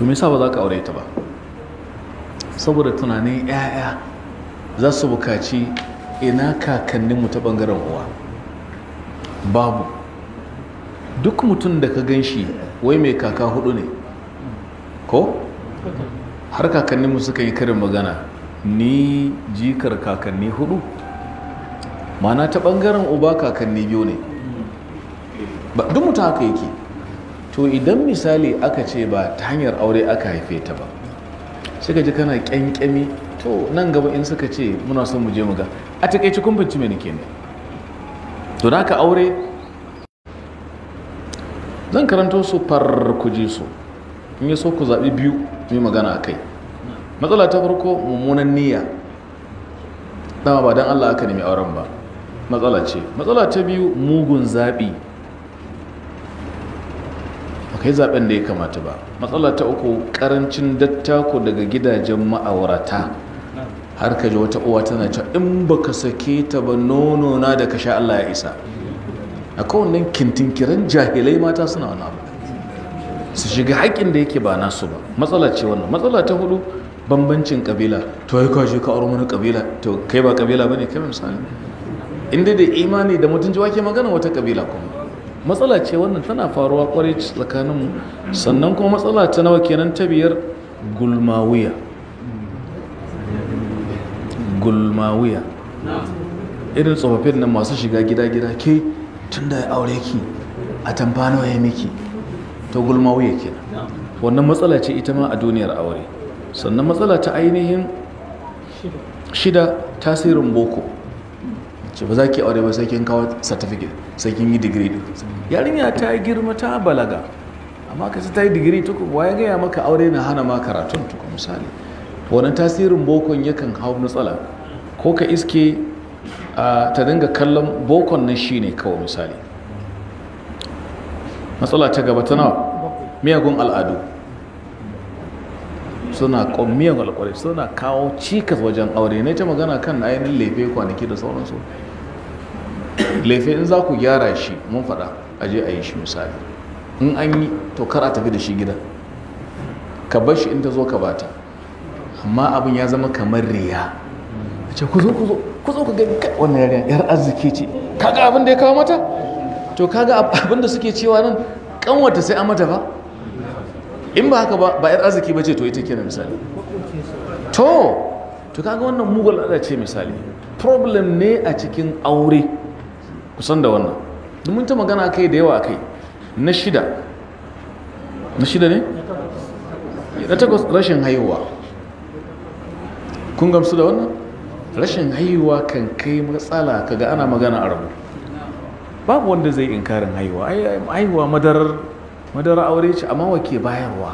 to me yasa za ka aure ta ba saboda tunanin 'ya'ya za su bukaci ina kakanninmu ta bangaren uwa babu duk mutum da ka gan shi wai mai kaka hudu ne ko har kakanninmu suka yi karin magana ni jikar kakanni hudu mana ta bangaren uba kakanni biyu ne duk mutum haka yake to idan misali aka ce ba ta hanyar aure aka haife ta ba shi ka ji kana kyankyami to nan gaba in suka ce muna son mu je mu ga a takaici kun bincike ne kenan to ka aure zan karanto su far ku su in yi so ku zaɓi biyu mu yi magana a kai matsala ta farko mummunan niyya dama ba don allah aka nemi auren ba matsala ce matsala ta biyu mugun zaɓi kai zaben da ya kamata ba matsala ta uku karancin dattako daga gidajen ma'aurata har ka ji wata uwa tana cewa in ba ka sake ta ba nono na da ka sha Allah ya isa A kowannan kintinkiran jahilai mata suna wani abu su shiga haƙin da yake ba nasu ba matsala ce wannan matsala ta hudu bambancin kabila to ai ka ka aure mana kabila to kai ba kabila bane kai misali inda da imani da mutunci wake magana wata kabila kuma matsala ce wannan tana faruwa kwarai tsakaninmu sannan kuma matsala ta nawa kenan ta biyar gulmawuya. gulmawuya irin tsofaffin nan masu shiga gida-gida ke tun da ya aure ki a tamfano ya miki ta gulmawiya kenan wannan matsala ce ita ma a duniyar aure sannan matsala ta ainihin shida tasirin boko ce ba za ki aure ba sai kin kawo certificate sai kin yi digiri yarinya ta yi girma ta balaga amma ka ta yi digiri tuku wa ya gaya maka aure na hana ma karatun tuku misali wannan tasirin bokon yakan hau matsala ko ka iske ta dinga kallon bokon nan shine kawai misali matsala ta gaba ta nawa miyagun al'adu suna miyagun kawo cikas wajen aure ne ta magana kan ainihin lefe kwanaki da sauransu laifin in za ku gyara shi mun faɗa a je a yi shi misali in an yi to kar a tafi da shi gida ka bar shi in ta zo ka bata amma abin ya zama kamar riya a ce ku zo ku zo ku zo ku gani wannan yarinya yar arziki ce kaga abin da ya kawo mata to kaga abin da suke cewa nan kanwata sai an mata ba in ba haka ba yar arziki ba ce to ita kenan misali to to kaga wannan mugul ala ce misali problem ne a cikin aure kusan da wannan domin ta magana kai da yawa kai na shida na shida ne? na takwas rashin haihuwa kun gamsu da wannan? rashin haihuwa kan kai matsala kaga ana magana a rabu babu wanda zai inkarin haihuwa haihuwa madarar madarar aure ce amma wake bayarwa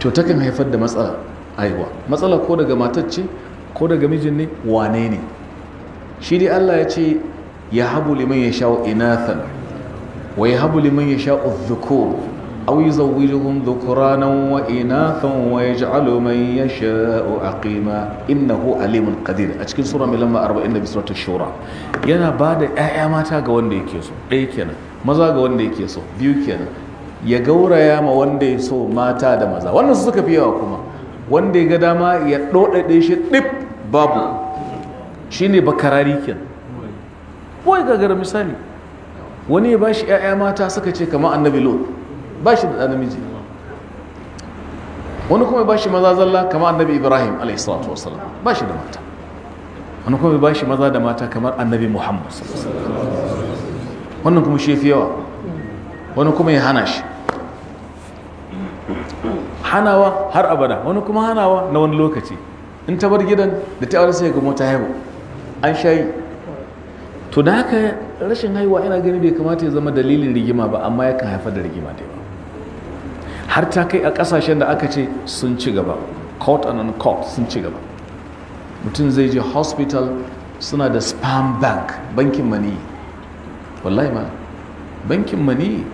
to takan haifar da matsala haihuwa matsala ko daga matacce ko daga mijin ne wane ne shi dai Allah ya ce ya habu liman ya sha'u inathan wa ya habu liman ya sha'u dhukur aw jihun zukuranan wa inathan wa sha'u a yasha'u aqima innahu alimun kadir a cikin sura mai lamba 40 da suratul shura yana ba da ƴaƴa mata ga wanda yake so ɗaya kenan maza ga wanda yake so biyu kenan ya gauraya ma wanda ya so mata da maza wannan su suka fi yawa kuma wanda ya ga dama ya ɗoɗaɗe shi ɗif babu Shi ne bakarari ken boy gagara misali wani ya bashi ya'ya mata suka ce kama annabi lot shi da ɗan namiji wani kuma ya bashi maza zalla kama annabi ibrahim alayhi ba shi da mata wani kuma ya bashi maza da mata kamar annabi muhammad wannan kuma shi fi yawa wani kuma ya hana shi hanawa har abada wani kuma hanawa na wani lokaci in ta bar gidan da ta aure sai ga mota haihu an shayi to da haka rashin haihuwa ina gani bai kamata ya zama dalilin rigima ba amma yakan haifar da rigima dai ba. har ta kai a kasashen da aka ce sun ci gaba court and on court sun ci gaba mutum zai je hospital suna da spam bank bankin mani wallahi ma bankin mani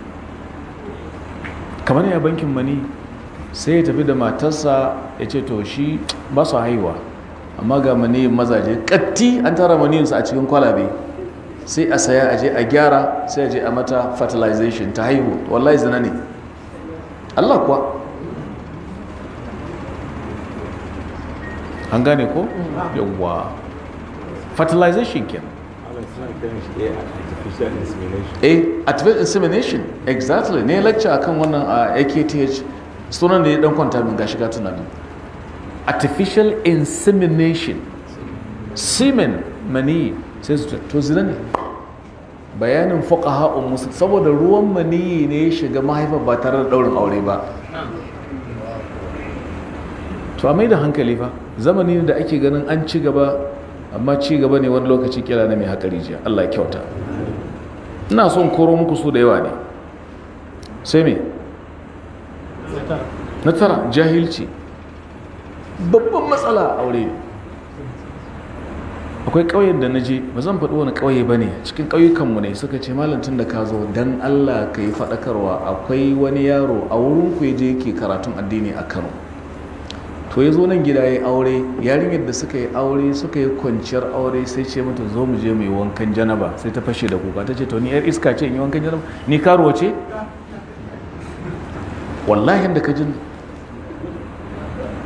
kamar ya bankin mani sai ya tafi da matarsa ya ce to shi ba su haihuwa amma ga maniyin mazaje katti an tara maniyinsu a cikin kwalabe sai a saya aje a gyara sai aje a mata fertilization ta haihu wallahi zina ne Allah kuwa an gane ko yawwa fertilization ken eh artificial insemination exactly ne lecture akan wannan uh, a AKTH sunan da ya dan kwanta min gashi ga tunanin artificial insemination semen mani sai su to zina ne bayanin haɗin musu saboda ruwan mani ne ya shiga mahaifar ba tare da daurin aure ba to amai da hankali ba zamani da ake ganin an ci gaba amma ci gaba ne wani lokaci kira na mai haƙari jiya Allah kyauta ina son koro muku su da yawa ne sai me na tara jahilci babban matsala a aure akwai ƙauyen da na je ba zan faɗi wani ƙauye ba ne cikin ƙauyukanmu ne suka ce malantin da ka zo don allah ka yi faɗakarwa akwai wani yaro a wurin ku je yake karatun addini a kano to ya zo nan gida ya yi aure yarin yadda suka yi aure suka yi kwanciyar aure sai ce mata zo mu je mu wankan janaba sai ta fashe da kuka ta ce to ni yar iska ce in yi wankan janaba ni karuwa ce wallahi da ka jin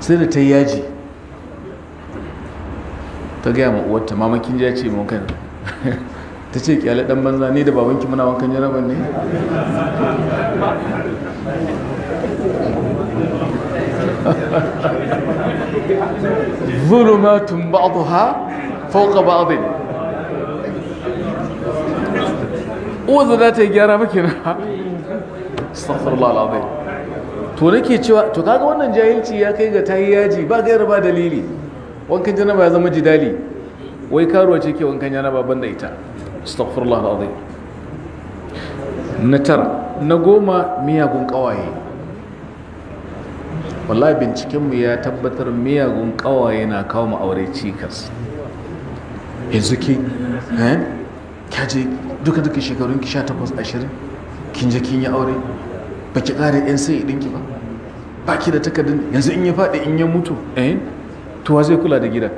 sai da ta yaji ta gaya ma uwarta mamakin ya ce mun kan ta ce kyale dan banza ne da babanki muna wankan jaraban ne zulumatun ba'daha fawqa ba'd uwa za ta yi gyara maki na astaghfirullah alazim to nake cewa to kaga wannan jahilci ya kai ga tayi yaji ba ga ba dalili wankan janaba ya zama jidali wai karuwa ce ke wankan janaba da ita astaghfirullah alazim na tara na goma miyagun kawaye wallahi bincikenmu ya tabbatar miyagun kawaye na kawo mu aure cikas yanzu ki eh kaje duka duka shekarun ki 18 20 kin je kin yi aure ba ki ƙara yan sai ɗinki ba ba ki da takardun yanzu in ya faɗi in ya mutu eh tuwa zai kula da gidan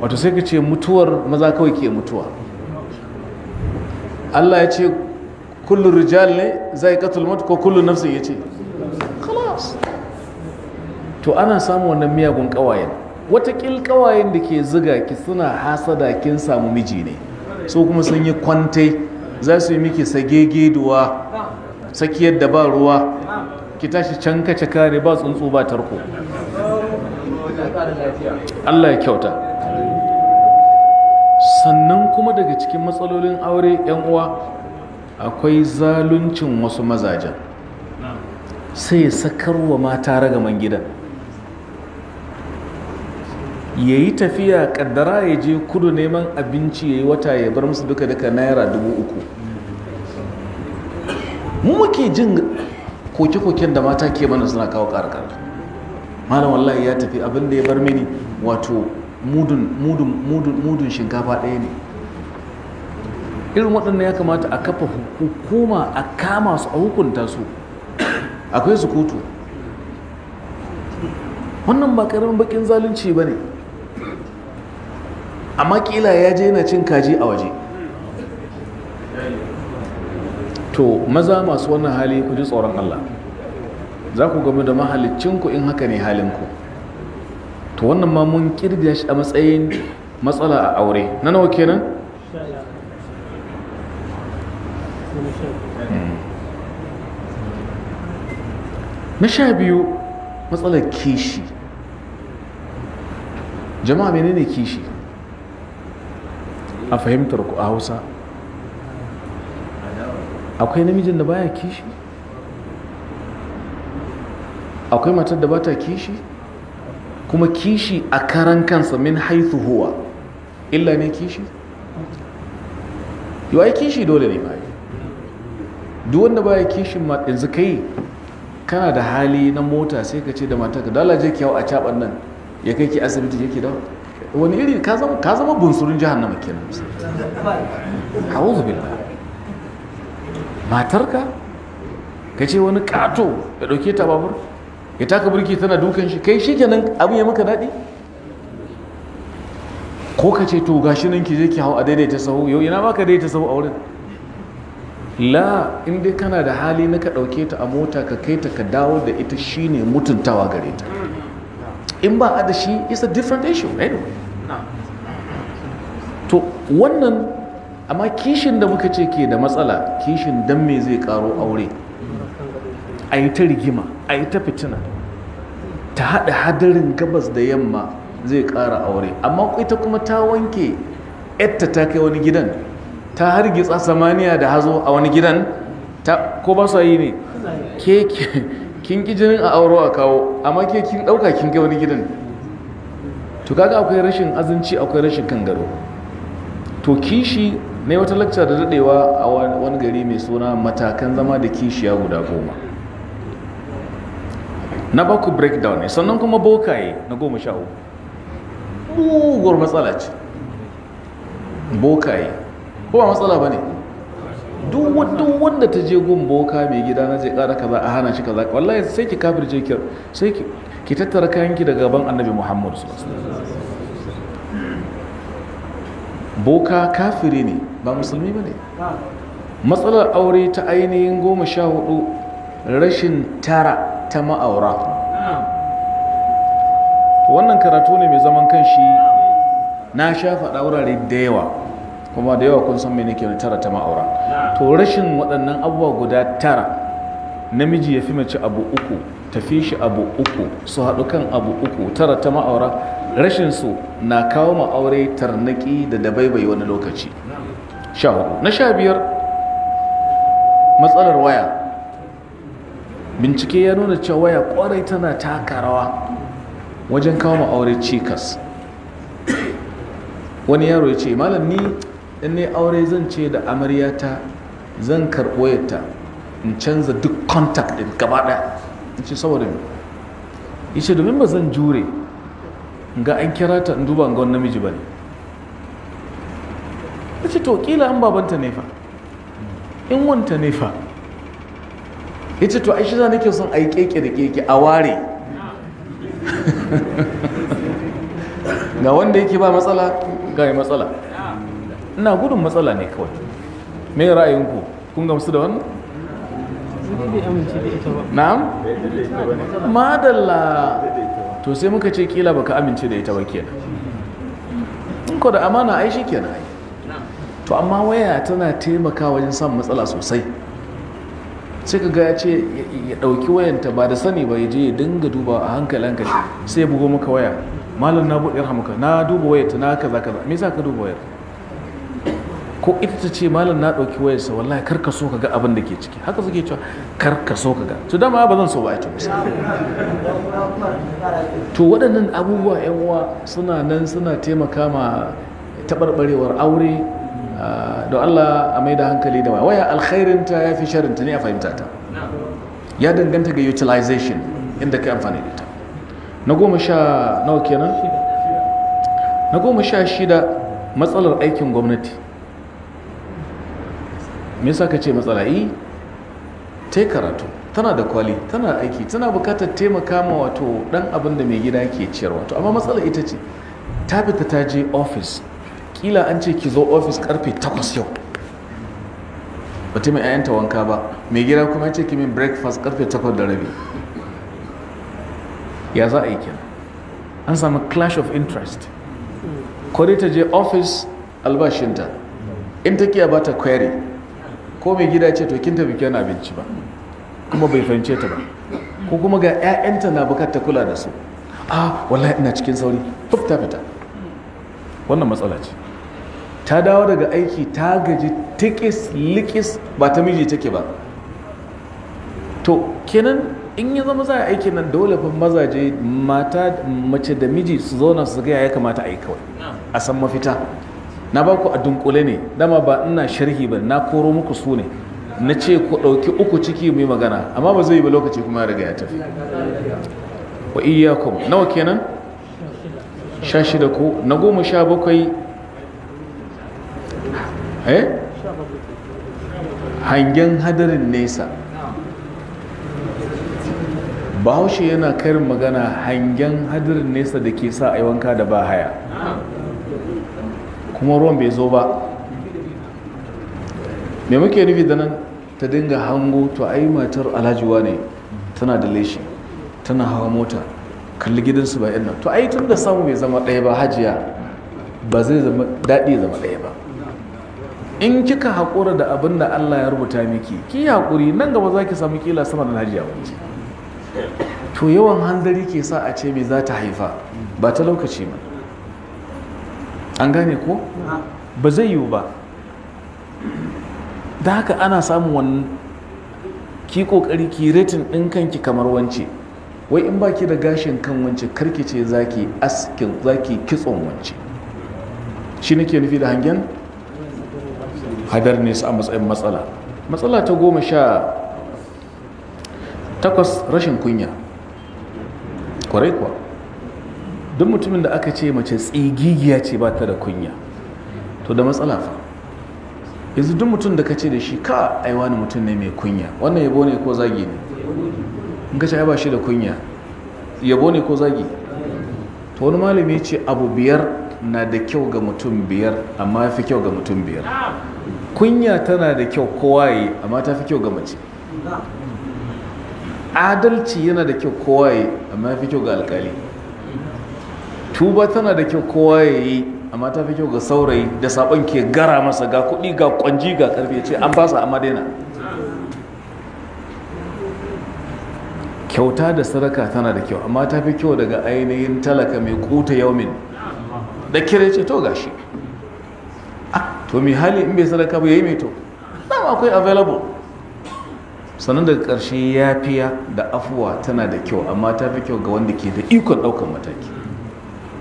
wato sai ka ce mutuwar maza kawai ke mutuwa Allah ya ce kullum rijal ne zai katul mutu ko kullum nafsin ya ce to ana samun wannan miyagun kawayen watakil kawayen da ke ziga ki suna hasada kin samu miji ne so kuma sun yi kwantai za su yi miki sagegeduwa tsakiyar da ba ruwa ki tashi can kace kare ba tsuntsu ba tarko Allah ya kyauta sannan kuma daga cikin matsalolin aure yan uwa akwai zaluncin wasu mazajen sai ya sakarwa mata ragaman gidan ya yi tafiya kaddara ya je kudu neman abinci ya yi wata ya bar musu duka duka naira dubu uku mu muke jin koke-koken da mata ke mana suna kawo ƙarƙar malam wallahi ya tafi abin da ya bar mini wato mudun shinkafa ɗaya ne irin waɗannan ya kamata a kafa hukuma a kama su a hukunta su akwai su kotu wannan ba karamin bakin zalunci ba ne amma kila ya je yana cin kaji a waje to maza masu wannan hali ku ji tsoron Allah za ku gami da mahalicinku in haka ne halinku to wannan ma mun kirdiya shi a matsayin matsala a aure na nawa kenan hmm. na sha biyu matsalar kishi jama'a menene kishi a fahimtar ku a hausa akwai namijin da baya kishi akwai matar da bata kishi kuma kishi a karan kansa min haithu huwa illa ne kishi yi wai kishi dole ne ba duk wanda baya kishin ma yanzu kai kana da hali na mota sai ka ce da mata ka dala je kyau a caban nan ya kai ki asibiti ya ki dawo wani iri ka zama bunsurin jahannama musamman a'udhu billah matarka ka ce wani kato ya ɗauke ta babur ya taka burki tana dukan shi kai shi kenan abin ya maka daɗi ko ka ce to gashi nan ki je ki hau a daidaita sahu yau ina maka daidaita sahu a wurin la in dai kana da hali na ka ɗauke ta a mota ka kai ta ka dawo da ita shine mutuntawa gare ta in ba a da shi is a different issue anyway to wannan amma kishin da muka ce ke da matsala kishin dan me zai karo aure a yi ta rigima a yi ta fitina ta haɗa hadarin gabas da yamma zai ƙara aure amma ita kuma ta wanke yadda ta kai wani gidan ta hargitsa samaniya da hazo a wani gidan ko ba su yi ne kin ƙi jinin a auro a kawo amma ke kin ɗauka kin kai wani gidan to kaga akwai rashin azanci akwai rashin kan to kishi ne wata lacca da dadewa a wani gari mai suna matakan zama da kishiya guda goma na baku breakdown ne sannan kuma bokaye na goma sha uku muguwar matsala ce bokaye ko ba matsala ba ne duk wanda ta je gun boka mai gida na zai kara kaza a hana shi kaza wallahi sai ki kafirce ki sai ki tattara kayanki daga gaban annabi muhammadu sallallahu alaihi wasallam boka kafiri ne ba musulmi ba ne matsalar aure ta ainihin goma sha hudu rashin tara ta ma'aura wannan karatu ne mai zaman kanshi na sha faɗa wurare da yawa kuma da yawa kun san mai nake tara ta ma'aura to rashin waɗannan abubuwa guda tara namiji ya fi mace abu uku tafi shi abu uku su haɗu kan abu uku tara ta ma'aura rashin su na kawo ma'aure tarnaki da dabaibai wani lokaci sha hudu na sha biyar matsalar waya bincike ya nuna cewa waya kwarai tana taka rawa wajen kawo ma'aure cikas wani yaro ya ce malam ni in ne aure zan ce da amaryata zan karɓo yadda in canza duk contact din gaba ɗaya ce saboda ne ya ce domin ba zan jure ga an kira ta in duba ga wani namiji ba ne ya ce to kila an babanta ne fa in wanta ne fa ya ce to aishi za nake son a yi keke da keke a ware ga wanda yake ba matsala ga matsala ina gudun matsala ne kawai me ra'ayinku kun gamsu da wannan na'am madalla to sai muka ce kila baka amince da ita ba kenan in ko da amana ai shi na ai to amma waya tana taimaka wajen samun matsala sosai sai ka ga ya ce ya ɗauki wayanta ba da sani ba ya je ya dinga duba a hankali hankali sai ya bugo maka waya malam na buɗe rahamuka na duba wayanta na kaza kaza me yasa ka duba wayanta? ko ita ta ce malam na ɗauki wayarsa wallahi kar ka so ka ga abin da ke ciki haka suke cewa kar ka so ka ga to dama ba zan so ba ita to waɗannan abubuwa yan uwa suna nan suna taimaka ma taɓarɓarewar aure ah, don Allah a mai da hankali da waya alkhairinta ya fi sharinta ne a fahimta ta ya danganta ga utilization inda kai amfani da ita na goma sha nawa kenan na goma sha shida matsalar aikin gwamnati me yasa ka ce matsala eh, yi ta karatu tana da kwali tana aiki tana bukatar taimaka ma wato dan abin da mai gida ke ciyar wato amma matsala ita ce ta fita ta je ofis kila an ce ki zo ofis karfe 8 yau ba ta mai 'ya'yanta wanka ba mai gida kuma ya ce ki min breakfast karfe 8 da rabi ya za a yi kenan an samu clash of interest ko ta je ofis albashinta in ta kiya ba ta query ko mai gida ce to kin tafi kyan abinci ba kuma bai fahimce ta ba ko kuma ga 'ya'yanta na bukatar kula da su a wallahi ina cikin sauri fuf ta fita wannan matsala ce ta dawo daga aiki ta gaji tikis likis ba ta miji take ba to kenan in ya zama za a aiki nan dole fa mazaje mata mace da miji su zauna su ga ya kamata a yi kawai a san mafita na ba ku a dunkule ne dama ba ina sharhi ba na koro muku su ne na ce ku ɗauki uku ciki mai magana amma ba zai ba lokaci kuma riga ya tafi wa iyakum nawa kenan sha shida ku na goma sha bakwai eh? hangen hadarin nesa bahaushe yana karin magana hangen hadarin nesa da ke sa a wanka da ba haya kuma ruwan bai zo ba me muke nufi da nan ta dinga hango to ai matar alhajiwa ne tana da leshi tana hawa mota kalli gidansu ba nan to ai tun da samu mai zama ɗaya ba hajiya ba zai zama daɗi zama ɗaya ba in kika haƙura da abin da Allah ya rubuta miki ki haƙuri nan gaba za ki samu kila sama da hajiya wance to yawan hanzari ke sa a ce me za ta haifa ba ta lokaci ba an gane ko ba zai yiwu ba da haka ana samun wani ki kokari ki retin din kanki kamar wance wai in baki da gashin kan wance karki ce zaki askin zaki kitson wance shi nake nufi da hangen hadar ne a matsayin matsala matsala ta goma sha takwas rashin kunya kwarai kuwa duk mutumin da aka ce mace tsigigiya ce ba ta da kunya to da matsala fa yanzu duk mutum da ka ce da shi ka aiwa wani mutum ne mai kunya wannan yabo ne ko zagi ne in ka ce ai ba shi da kunya yabo ne ko zagi to wani malami ya ce abu biyar na da kyau ga mutum biyar amma ya fi kyau ga mutum biyar kunya tana da kyau kowa yi amma ta fi kyau ga mace adalci yana da kyau kowa yi amma ya fi kyau ga alkali tuba tana da kyau kowa ya yi amma ta fi kyau ga saurayi da sabon ke gara masa ga kuɗi ga kwanji ga ƙarfe ce an basa amma daina kyauta da sadaka tana da kyau amma ta fi kyau daga ainihin talaka mai kuta yaumin da kire ce to gashi ah, to mai hali in bai sadaka ba ya yi mai to dama akwai available sannan daga ƙarshe yafiya da afuwa tana da kyau amma ta fi kyau ga wanda ke da ikon ɗaukar mataki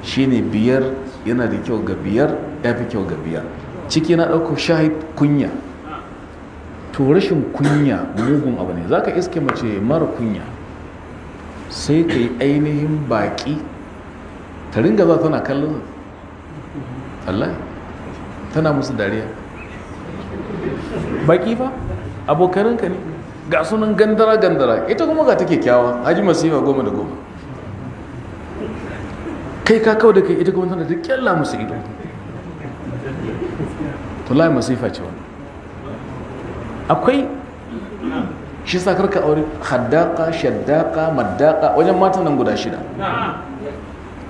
shine biyar yana da kyau ga biyar ya fi kyau ga biyar ciki na ɗauko shahid kunya to rashin kunya mugun abu ne za ka iske mace mara kunya sai ka yi ainihin baƙi ta ringa za tana kallon Allah tana musu dariya baƙi fa abokaninka ne ga sunan gandara-gandara ita kuma ga take kyawa haji masifa goma da goma kai ka kawo da kai ita kuma tana da kyalla musu ido wallahi masifa ce wani akwai shi sa karka aure haddaka shaddaka maddaka wajen matan nan guda shida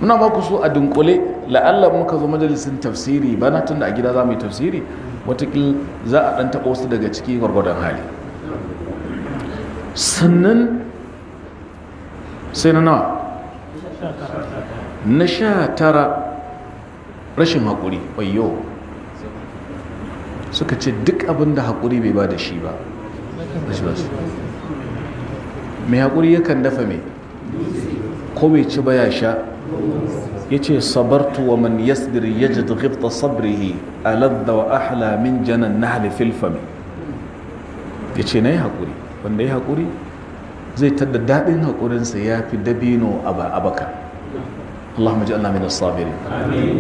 muna ba ku so a dunkule la'allar muka zo majalisun tafsiri bana tun da a gida za mu yi tafsiri watakil za a ɗan taɓa wasu daga ciki gwargwadon hali sannan sai na nawa na sha tara rashin haƙuri ƙwayo suka ce duk abin da haƙuri bai ba da shi ba mai haƙuri yakan dafa mai ko bai ci ba ya sha ya ce sabartu wa man yasdir ya ji ghibta sabrihi aladda wa ahla min janan na halifil fami ya ce na yi haƙuri wanda ya haƙuri zai tadda daɗin haƙurinsa ya fi dabino a baka Allahumma ji'alna sabirin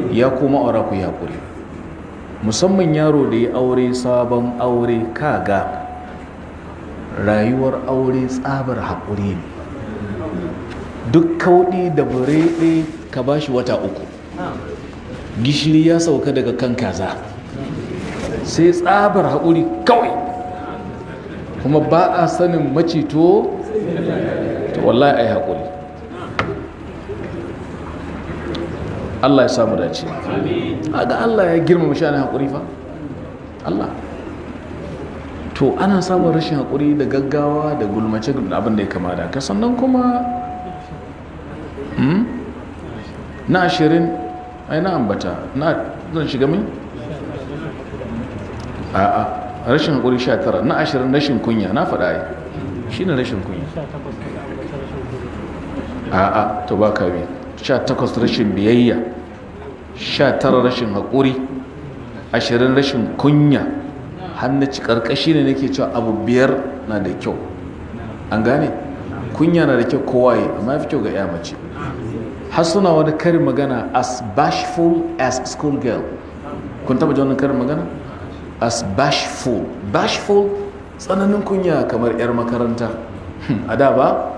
ya kuma aura ku yi hakuri musamman yaro da ya aure sabon aure kaga rayuwar aure tsabar haƙuri ne duk kauɗi da burede ka ba shi wata uku gishiri ya sauka daga kan kaza sai tsabar hakuri kawai kuma ba a sanin macito to wallahi yi hakuri Allah ya samu dace ga Allah ya girmama shanin haƙuri fa Allah to ana samun rashin haƙuri da gaggawa da gulmace da abin da ya kama da ka sannan kuma hmm? na ashirin ai na ambata na zan shiga a a'a rashin haƙuri sha tara na ashirin rashin kunya na faɗa yi shi ne rashin kunya a'a to ba ka biyu 18 rashin biyayya 19 rashin haƙuri 20 rashin kunya hannaci ƙarƙashi ne nake cewa abu biyar na da kyau an gane kunya na da kyau yi amma ya fi kyau ga ya mace har suna wani karin magana as bashful as school girl kun taba ji karin magana as bashful bashful tsananin kunya kamar 'yar makaranta a da ba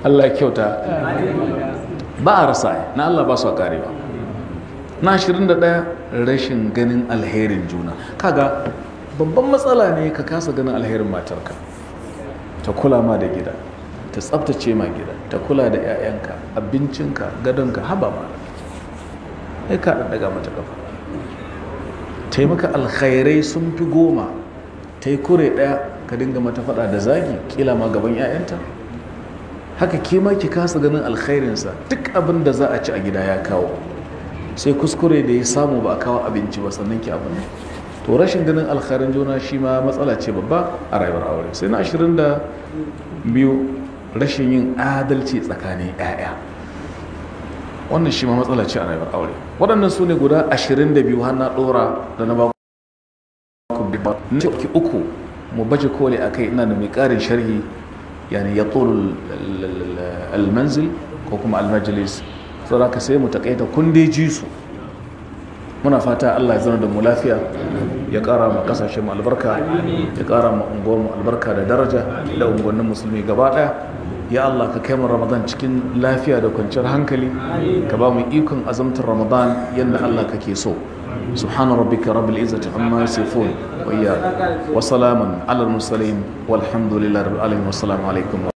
Allah ya kyauta ba a rasa na Allah ba su a ba. na 21 rashin ganin alherin juna kaga babban matsala ne ka kasa ganin alherin matarka ta kula ma da gida ta tsabtace ma gida ta kula da 'ya'yanka abincinka gadonka haba ma ya ka daga mata kafa taimaka alkhairai sun fi goma ta yi kure ɗaya ka dinga mata faɗa da zagi ƙila ma gaban 'ya'yanta haka ke ma ki kasa ganin alkhairinsa duk abin da za a ci a gida ya kawo sai kuskure da ya samu ba a kawo abinci ba sannan ki abin to rashin ganin alkhairin juna shi ma matsala ce babba a rayuwar aure sai na ashirin da biyu rashin yin adalci tsakanin 'ya'ya wannan shi ma matsala ce a rayuwar aure waɗannan su ne guda ashirin da biyu har na ɗora da na ba ku uku mu baje koli a kai ina da mai ƙarin sharhi yani ya tsoro almanzil ko kuma almajalis saboda sai mu takaita kundeji su muna fata Allah ya zana da mu lafiya ya kara ma kasashe mu albarka ya kara ma unguwar albarka da daraja da unguwannin musulmi gaba daya ya Allah ka kai mu Ramadan cikin lafiya da kwanciyar hankali ka ba mu ikon azamtar Ramadan yadda Allah kake so subhana rabbika rabbil izzati amma yasifun وإياكم وسلام على المرسلين والحمد لله رب العالمين والسلام عليكم